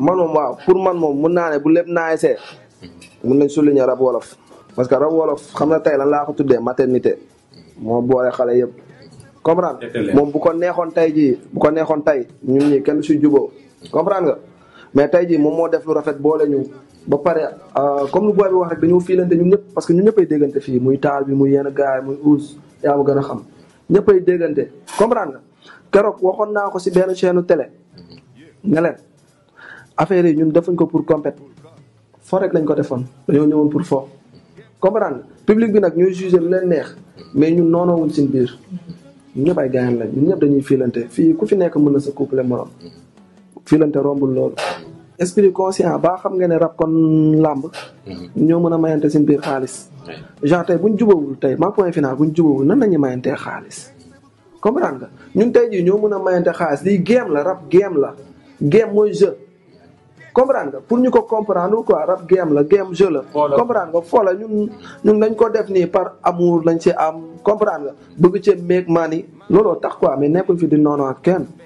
man moom waaw pour man moom mun naa bu lépp naa essayé mun nañ souligner rab wolof parce que rab wolof xam na tey lan laa ko tuddee maternité moo boole xale yëpp comprendre moom bu ko neexoon tey jii bu ko neexoon tey ñun ñi kenn su juboo comprendre mais tey jii moom moo def lu rafet boole ñu ba pare euh, comme lu booy bi wax rek dañoo fiilante ñun ñëpp parce que ñun ñëppay déggante fii muy taal bi muy yenn gaay muy uus yaa ma gën a xam ñëppay déggante comprendre nga keroog waxoon naa ko si benn ceenu télé ne affaire yi ñun defuñ ko pour compét fo rek lañ ko defoon dañoo ñëwoon pour fo comprendre public bi nag ñooy jugé lu leen neex mais ñun noonoowuñ seen biir ñun ñëpp ay gaañal lañ ñun ñëpp dañuy filante fii ku fi nekk mën na sa couple morom filante rombul loolu esprit conscient baa xam nga ne rab kon làmb mhm. ñoo mën a mayante seen biir xaalis genre tey buñ jubawul tey ma point final buñ jubawul nan lañuy mayantee xaalis comme nga ñun tey jii ñoo mën a mayante xaalis lii game la rab game la game mooy comprendre nga pour ñu ko comprendre quoi rap game la game jeu la. comprendre nga foola ñun ñun dañ ko def nii par amour lañ ci am comprendre nga bëgg cee meeg maan looloo tax quoi mais nekkul fi di noonu ak kenn.